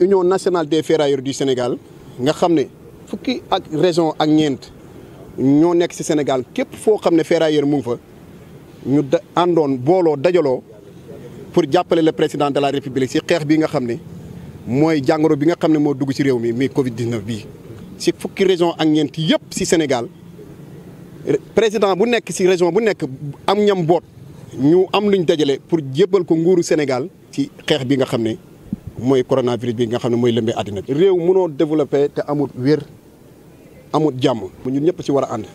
union nationale des ferrailleurs du Sénégal nga xamné fukki ak raison ak ñent ñoo nek ci Sénégal képp fo xamné ne ferrailleur mu ngi fa ñu andone bolo, dajalo pour jàppale le président de la république ci xex bi nga xamné moy jangoro bi nga xamné mo dugg ci réew mi mi Covid 19 bi ci fukki raison ak ñent yépp ci Sénégal président bu nek ci région bu nek am ñam bot ñu am luñ dajalé pour jébbal ko nguuru Sénégal ci xex bi nga xamné moy coronavirus bi nga xam moy mooy adina rew mëno développer té développé wër amul jamm amul ñun ñëpp ci wara and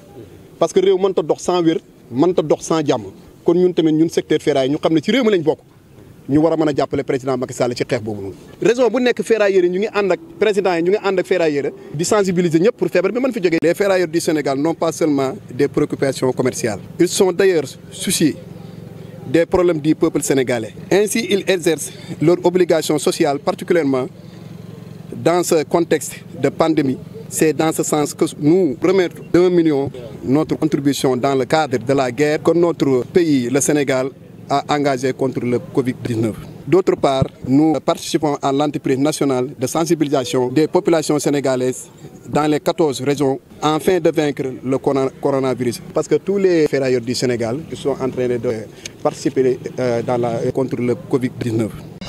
parce que rew mënta dox sans wër mënta dox sans jamm kon ñun tamit ñun secteur ferraille ñu xam ci rew mi lañ bok ñu wara mëna jappalé président Macky Sall ci xex bobu noonu. raison bu nek ferrailleurs ñu ngi and ak président ñu ngi and ak ferrailleurs di sensibiliser ñëpp pour feebar bi mën fi jógee. les ferrailleurs du Sénégal n'ont pas seulement des préoccupations commerciales. ils sont d'ailleurs soucieux des problèmes du peuple sénégalais. Ainsi, ils exercent leurs obligations sociales, particulièrement dans ce contexte de pandémie. C'est dans ce sens que nous remettons de millions notre contribution dans le cadre de la guerre que notre pays, le Sénégal, a engagé contre le Covid-19. D'autre part, nous participons à l'entreprise nationale de sensibilisation des populations sénégalaises dans les 14 régions afin de vaincre le coronavirus. Parce que tous les ferrailleurs du Sénégal sont en train de participer euh, dans la, contre le Covid-19.